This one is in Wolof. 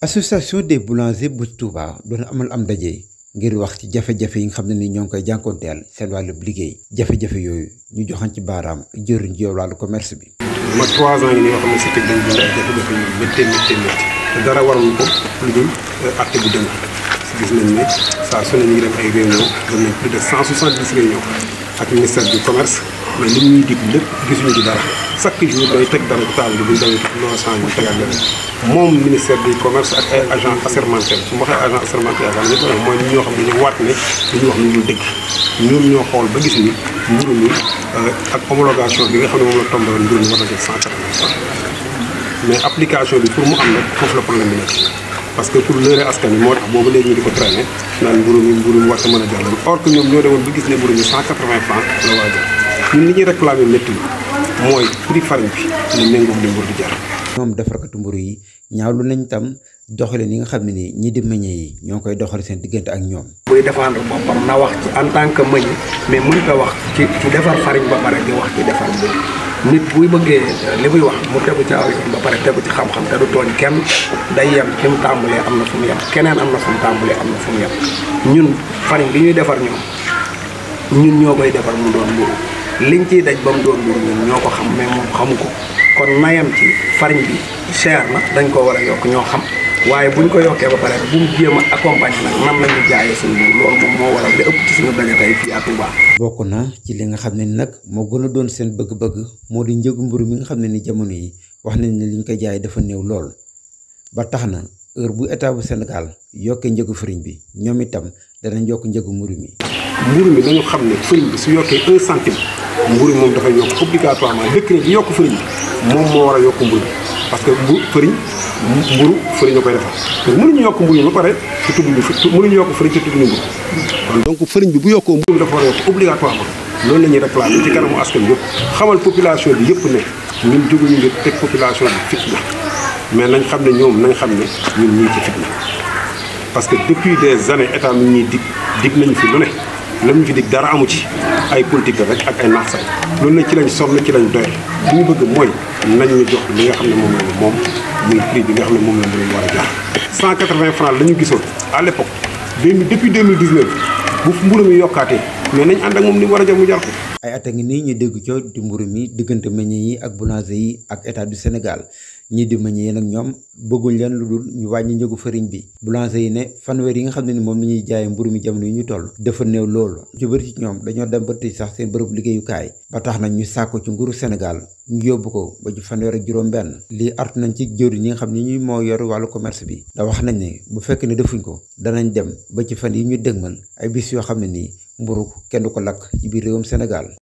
association des boulangers bu Touba doon amal am daje ngir wax ci jafe-jafe yi nga xam ne ni ñoo ngi koy jànkoonteel seen wàllub liggéey jafe-jafe yooyu ñu joxan ci baaraam jëriñ ji commerce bi. ma xam ne si tëj dañu dund ay jafe-jafe yu métti métti métti te dara waral ko lu dul euh, acte bu dëng gis nañ ne saa su ne ay réunion dem nañ plus de cent soixante dix réunion ak ministère du commerce. mais li ñuy dig lépp gisuñu ci dara chaque jour day teg dara taal bi buñ demee non changement tegaat leneen moom ministère du commerce ak ay agents assermentés su ma waxee agent assermenté yaakaar ñëpp a mooy ñoo ñoo xool ba gis ni mburu mi euh, ak homologation bi nga xam ne moom la tombé woon mburu mi war na jël cent quatre-vingts mais bi pour mu am nag foofu la problème bi nekk parce que pour lëre askan wi moo tax boobu léegi ñu di ko traîner naan mën a jàllale or que ñoom ñoo demoon ba gis ne mburu mi francs la war a ñun li ñuy réclamer métti mooy prix farine bi ñu méngoog li mburu di jar. ñoom defarkatu mburu yi ñaawlu nañ tam doxalin yi nga xam ne nii ñi di meññee yi ñoo koy doxal seen diggante ak ñoom. buy défendre boppam na wax ci en tant que meññ mais mën ko wax ci ci defar farine ba pare di wax ci defar mburu nit buy bëggee li muy wax mu tegu ci aw yoon ba pare tegu ci xam-xam te du tooñ kenn day yem fi mu tàmbalee am na fu mu yem keneen am na fu mu tàmbalee am na fu mu bi ñuy defar ñoom ñun ñoo liñ ciy daj ba mu doon mbir ñun ñoo ko xam mais moom xamu ko kon nayam ci farine bi cher na dañ ko war a yokk ñoo xam waaye buñ ko yokkee ba pare bu mu jéem a accompagner nag nan na ci li nga xam ne nag moo gën a doon seen bëgg-bëgg moo di njëgu mburu mi nga xam ne ni jamono yi wax nañ ne liñ koy jaay dafa néew lool ba tax na heure bu état bu Sénégal yokkee njëgu farine bi ñoom itam danañ yokk njëgu mburu mi. mburu mi dañu xam ne farine bi su yokkee un mburu moom dafay yokk obligatoirement décret bi yokk fëriñ moom moo war a yokk mburu parce que bu fëriñ mburu fëriñ la koy defar te mënuñu yokk mburu ba pare te tudd ñu mënuñu yokk fëriñ te tudd ñu kon donc fëriñ bi bu yokkoo mburu dafa war a yokk obligatoirement loolu la ñuy réclamer ci kanamu askan yëpp xamal population bi yëpp ne ñun jóguñu ngir teg population bi fitna mais nañ xam ne ñoom nañ xam ne ñun ñii ci fitna parce que depuis des années état mi dig dig nañu fi lu ne lam ñu fi dig dara amu ci ay politique rek ak ay naxsaay loolu nag ci lañ sol sonn ci lañ doy li ñu bëgg mooy nañ ñu jox li nga xam ne moom la moom muy prix bi nga xam ne moom la ñu war a jox. 180 francs la ñu gisoon à l'époque depuis 2019 bu mburu mi yokkaatee mais nañ ànd ak moom ni mu war a jar mu jar ko. ay at ngi nii ñu dégg co di mburu mi diggante meññe yi ak boulanger yi ak état du Sénégal. ñii di meññee nag ñoom bëgguñ leen lu dul ñu wàññi njëgu fëriñ bi boulanger yi ne fanweer yi nga xam ne ni moom li ñuy jaayee mburu mi jamono yi ñu toll dafa néew loolu ñu ci ñoom dañoo dem ba sax seen bërëb liggéeyukaay ba tax na ñu sàkku ci nguuru Sénégal yóbbu ko ba ju fanweer ak juróom benn lii artu nañ ci jëwriñ ñi nga xam ne ñu moo yor wàllu commerce bi da wax nañ ne bu fekk ne defuñ ko danañ dem ba ci fan yi ñu dëgmal ay bis yoo xam ne nii mburu kenn du ko lakk ci biir réewum Sénégal